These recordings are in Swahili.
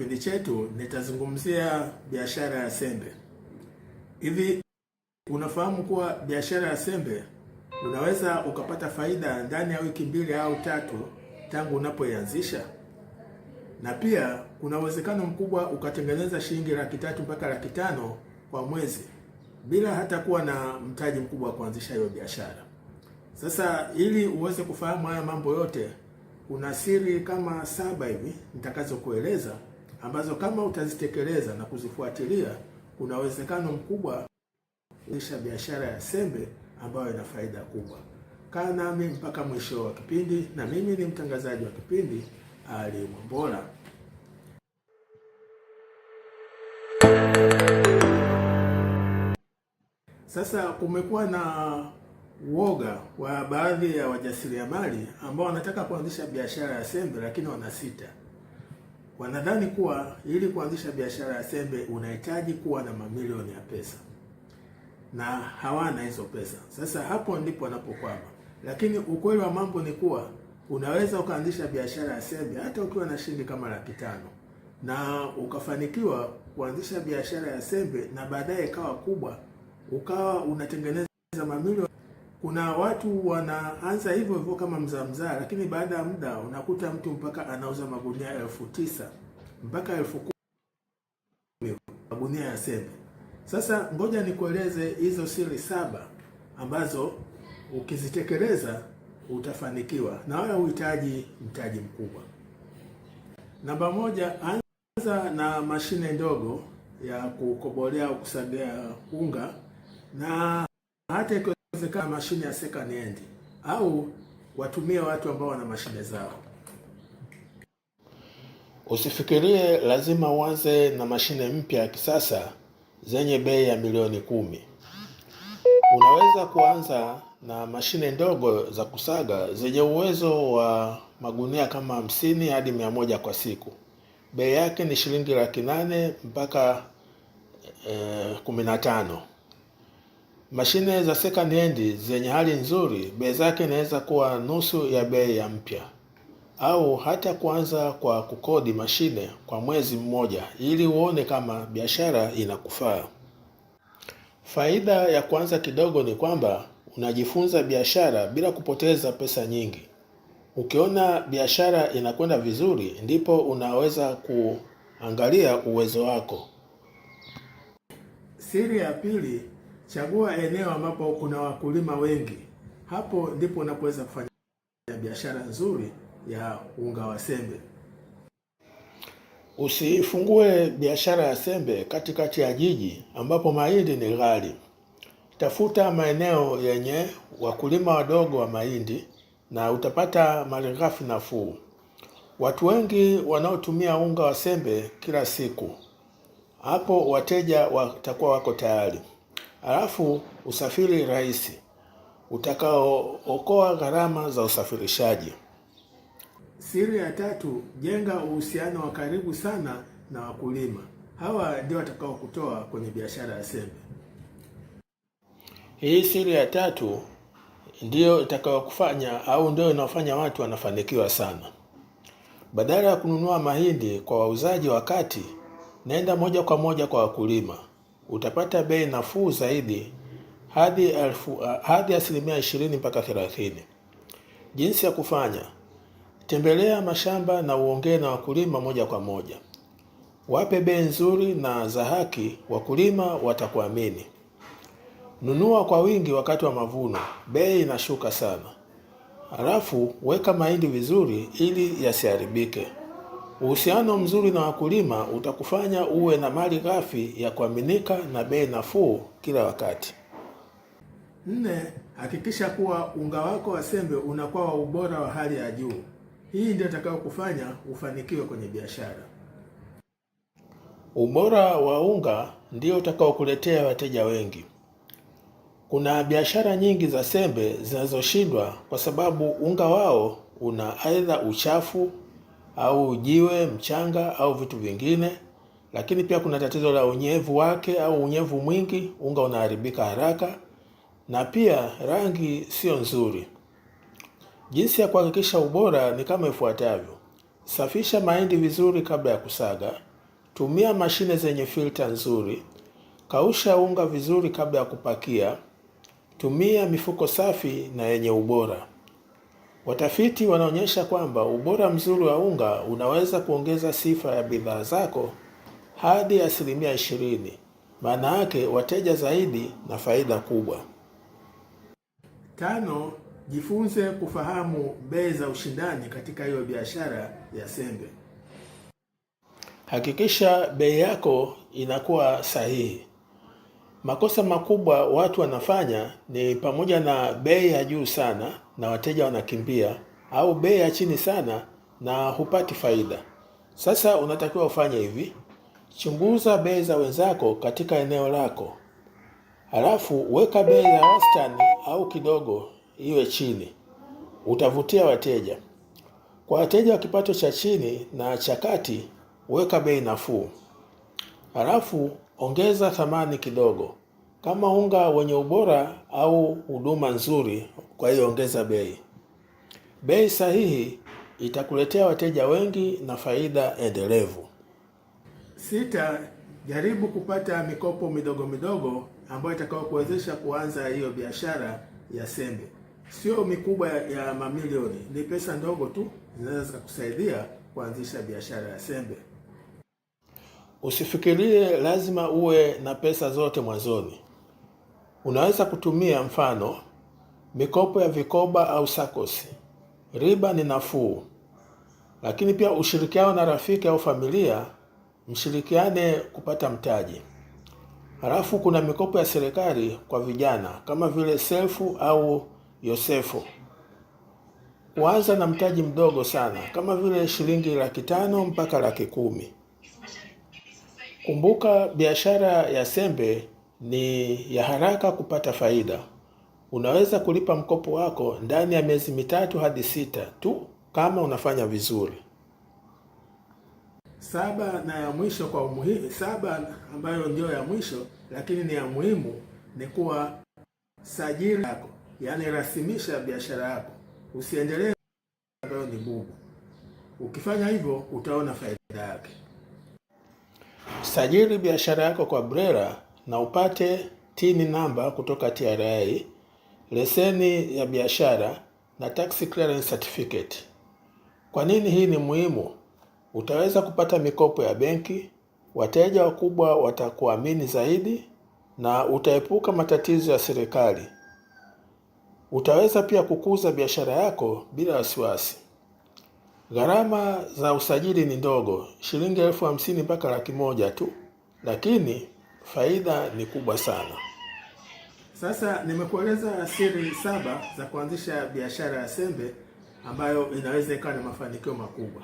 kipindi chetu nitazungumzia biashara ya sembe. Hivi unafahamu kuwa biashara ya sembe unaweza ukapata faida ndani ya wiki mbili au tatu tangu unapoianzisha, na pia kuna uwezekano mkubwa ukatengeneza shilingi laki tatu mpaka laki tano kwa mwezi bila hata kuwa na mtaji mkubwa wa kuanzisha hiyo biashara. Sasa ili uweze kufahamu haya mambo yote, kuna siri kama saba hivi nitakazokueleza ambazo kama utazitekeleza na kuzifuatilia, kuna uwezekano mkubwa kuisha biashara ya sembe ambayo ina faida kubwa. Kaa nami mpaka mwisho wa kipindi, na mimi ni mtangazaji wa kipindi Ali Mwambola. Sasa kumekuwa na uoga wa baadhi ya wajasiriamali ambao wanataka kuanzisha biashara ya sembe, lakini wanasita. Wanadhani kuwa ili kuanzisha biashara ya sembe unahitaji kuwa na mamilioni ya pesa, na hawana hizo pesa. Sasa hapo ndipo wanapokwama, lakini ukweli wa mambo ni kuwa unaweza ukaanzisha biashara ya sembe hata ukiwa na shilingi kama laki tano na ukafanikiwa kuanzisha biashara ya sembe na baadaye ikawa kubwa, ukawa unatengeneza mamilioni kuna watu wanaanza hivyo hivyo kama mzaa mzaa, lakini baada ya muda unakuta mtu mpaka anauza magunia elfu tisa mpaka elfu kumi magunia ya sembe. Sasa ngoja nikueleze hizo siri saba ambazo ukizitekeleza utafanikiwa na wala uhitaji mtaji mkubwa. Namba moja, anza na mashine ndogo ya kukobolea au kusagia unga na hata Inawezekana mashine ya second hand au watumie watu ambao wana mashine zao. Usifikirie lazima uanze na mashine mpya ya kisasa zenye bei ya milioni kumi. Unaweza kuanza na mashine ndogo za kusaga zenye uwezo wa magunia kama hamsini hadi mia moja kwa siku. Bei yake ni shilingi laki nane mpaka eh, kumi na tano. Mashine za second hand zenye hali nzuri, bei zake inaweza kuwa nusu ya bei ya mpya, au hata kuanza kwa kukodi mashine kwa mwezi mmoja ili uone kama biashara inakufaa. Faida ya kuanza kidogo ni kwamba unajifunza biashara bila kupoteza pesa nyingi. Ukiona biashara inakwenda vizuri, ndipo unaweza kuangalia uwezo wako. Siri ya pili Chagua eneo ambapo kuna wakulima wengi, hapo ndipo unapoweza kufanya biashara nzuri ya unga wa sembe. Usifungue biashara ya sembe katikati ya jiji ambapo mahindi ni ghali. Tafuta maeneo yenye wakulima wadogo wa mahindi na utapata malighafi nafuu. Watu wengi wanaotumia unga wa sembe kila siku, hapo wateja watakuwa wako tayari alafu usafiri rahisi utakaookoa gharama za usafirishaji. Siri ya tatu, jenga uhusiano wa karibu sana na wakulima. Hawa ndio kutoa kwenye biashara ya sembe. Hii siri ya tatu ndiyo itakayokufanya au ndio inaofanya watu wanafanikiwa sana. Badala ya kununua mahindi kwa wauzaji wa kati, naenda moja kwa moja kwa wakulima utapata bei nafuu zaidi hadi elfu, eh, hadi asilimia ishirini mpaka thelathini. Jinsi ya kufanya: tembelea mashamba na uongee na wakulima moja kwa moja, wape bei nzuri na za haki, wakulima watakuamini. Nunua kwa wingi wakati wa mavuno, bei inashuka sana. Halafu weka mahindi vizuri ili yasiharibike. Uhusiano mzuri na wakulima utakufanya uwe na mali ghafi ya kuaminika na bei nafuu kila wakati. Nne, hakikisha kuwa unga wako wa sembe unakuwa wa ubora wa hali ya juu. Hii ndio itakayokufanya ufanikiwe kwenye biashara. Ubora wa unga ndio utakaokuletea wateja wengi. Kuna biashara nyingi za sembe zinazoshindwa kwa sababu unga wao una aidha uchafu au jiwe, mchanga au vitu vingine. Lakini pia kuna tatizo la unyevu wake au unyevu mwingi, unga unaharibika haraka, na pia rangi sio nzuri. Jinsi ya kuhakikisha ubora ni kama ifuatavyo: safisha mahindi vizuri kabla ya kusaga, tumia mashine zenye filta nzuri, kausha unga vizuri kabla ya kupakia, tumia mifuko safi na yenye ubora. Watafiti wanaonyesha kwamba ubora mzuri wa unga unaweza kuongeza sifa ya bidhaa zako hadi asilimia ishirini. Maana yake wateja zaidi na faida kubwa. Tano, jifunze kufahamu bei za ushindani katika hiyo biashara ya sembe. Hakikisha bei yako inakuwa sahihi. Makosa makubwa watu wanafanya ni pamoja na bei ya juu sana na wateja wanakimbia, au bei ya chini sana na hupati faida. Sasa unatakiwa ufanye hivi: chunguza bei za wenzako katika eneo lako, halafu weka bei ya wastani au kidogo iwe chini. Utavutia wateja. Kwa wateja wa kipato cha chini na cha kati, weka bei nafuu, halafu ongeza thamani kidogo, kama unga wenye ubora au huduma nzuri. Kwa hiyo ongeza bei. Bei sahihi itakuletea wateja wengi na faida endelevu. Sita, jaribu kupata mikopo midogo midogo ambayo itakayokuwezesha kuanza hiyo biashara ya sembe. Sio mikubwa ya mamilioni, ni pesa ndogo tu zinaweza zikakusaidia kuanzisha biashara ya sembe. Usifikirie lazima uwe na pesa zote mwanzoni. Unaweza kutumia mfano mikopo ya vikoba au sakosi. Riba ni nafuu, lakini pia ushirikiano na rafiki au familia, mshirikiane kupata mtaji. Halafu kuna mikopo ya serikali kwa vijana kama vile selfu au Yosefu. Kuanza na mtaji mdogo sana kama vile shilingi laki tano mpaka laki kumi. Kumbuka biashara ya sembe ni ya haraka kupata faida. Unaweza kulipa mkopo wako ndani ya miezi mitatu hadi sita tu kama unafanya vizuri. Saba na ya mwisho kwa umuhimu, saba ambayo ndio ya mwisho lakini ni ya muhimu ni kuwa sajili yako, yaani rasimisha biashara yako, usiendelee ambayo ni bubu. Ukifanya hivyo utaona faida yake. Sajili biashara yako kwa BRELA na upate tini namba kutoka TRA, leseni ya biashara na tax clearance certificate. Kwa nini hii ni muhimu? Utaweza kupata mikopo ya benki, wateja wakubwa watakuamini zaidi, na utaepuka matatizo ya serikali. Utaweza pia kukuza biashara yako bila wasiwasi. Gharama za usajili ni ndogo, shilingi elfu hamsini mpaka laki moja tu, lakini faida ni kubwa sana. Sasa nimekueleza siri saba za kuanzisha biashara ya sembe ambayo inaweza ikawa na mafanikio makubwa,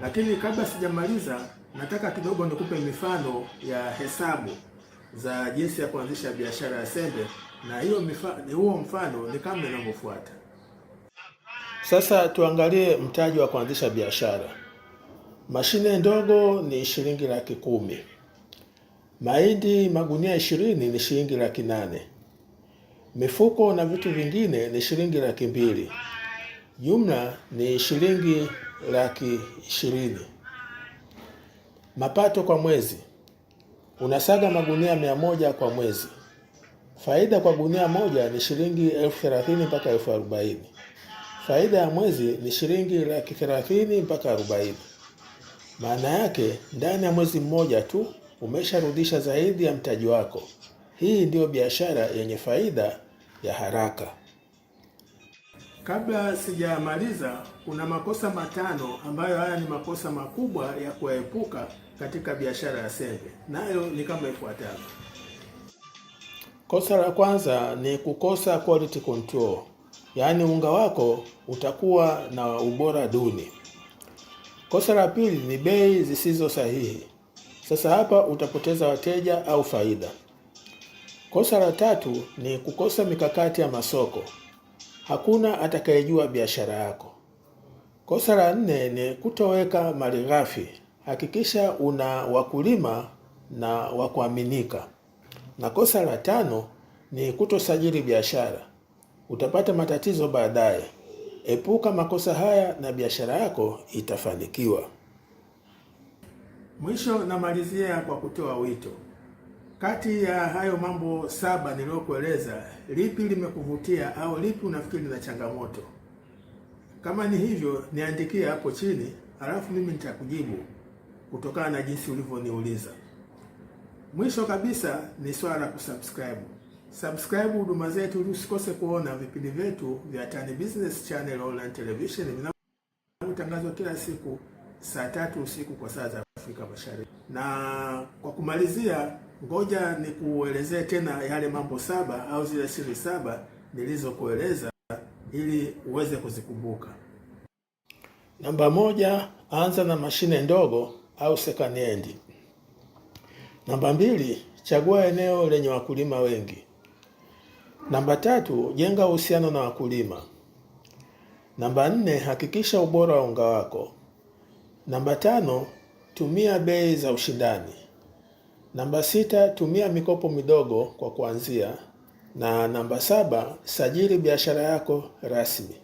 lakini kabla sijamaliza, nataka kidogo nikupe mifano ya hesabu za jinsi ya kuanzisha biashara ya sembe, na hiyo huo mfano ni kama inavyofuata. Sasa tuangalie mtaji wa kuanzisha biashara. Mashine ndogo ni shilingi laki kumi. Mahindi magunia ishirini ni shilingi laki nane. Mifuko na vitu vingine ni shilingi laki mbili. Jumla ni shilingi laki ishirini. Mapato kwa mwezi, unasaga magunia mia moja kwa mwezi. Faida kwa gunia moja ni shilingi elfu thelathini mpaka elfu arobaini. Faida ya mwezi ni shilingi laki thelathini mpaka arobaini. Maana yake ndani ya mwezi mmoja tu umesharudisha zaidi ya mtaji wako. Hii ndiyo biashara yenye faida ya haraka. Kabla sijamaliza, kuna makosa matano ambayo haya ni makosa makubwa ya kuepuka katika biashara ya sembe, nayo ni kama ifuatavyo. Kosa la kwanza ni kukosa quality control yaani unga wako utakuwa na ubora duni. Kosa la pili ni bei zisizo sahihi. Sasa hapa utapoteza wateja au faida. Kosa la tatu ni kukosa mikakati ya masoko. Hakuna atakayejua biashara yako. Kosa la nne ni kutoweka malighafi. Hakikisha una wakulima na wa kuaminika. Na kosa la tano ni kutosajili biashara utapata matatizo baadaye. Epuka makosa haya na biashara yako itafanikiwa. Mwisho namalizia kwa kutoa wito. Kati ya hayo mambo saba niliyokueleza, lipi limekuvutia au lipi unafikiri lina changamoto? Kama ni hivyo, niandikie hapo chini, alafu mimi nitakujibu kutokana na jinsi ulivyoniuliza. Mwisho kabisa ni swala la kusubscribe. Subscribe huduma zetu ili usikose kuona vipindi vyetu vya Tan Business Channel online television vinavyotangazwa kila siku saa tatu usiku kwa saa za Afrika Mashariki. Na kwa kumalizia, ngoja nikuelezee tena yale mambo saba au zile siri saba nilizokueleza ili uweze kuzikumbuka. Namba moja, anza na mashine ndogo au second hand. Namba mbili, chagua eneo lenye wakulima wengi. Namba tatu, jenga uhusiano na wakulima. Namba nne, hakikisha ubora wa unga wako. Namba tano, tumia bei za ushindani. Namba sita, tumia mikopo midogo kwa kuanzia, na namba saba, sajili biashara yako rasmi.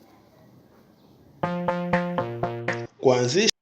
Kuanzisha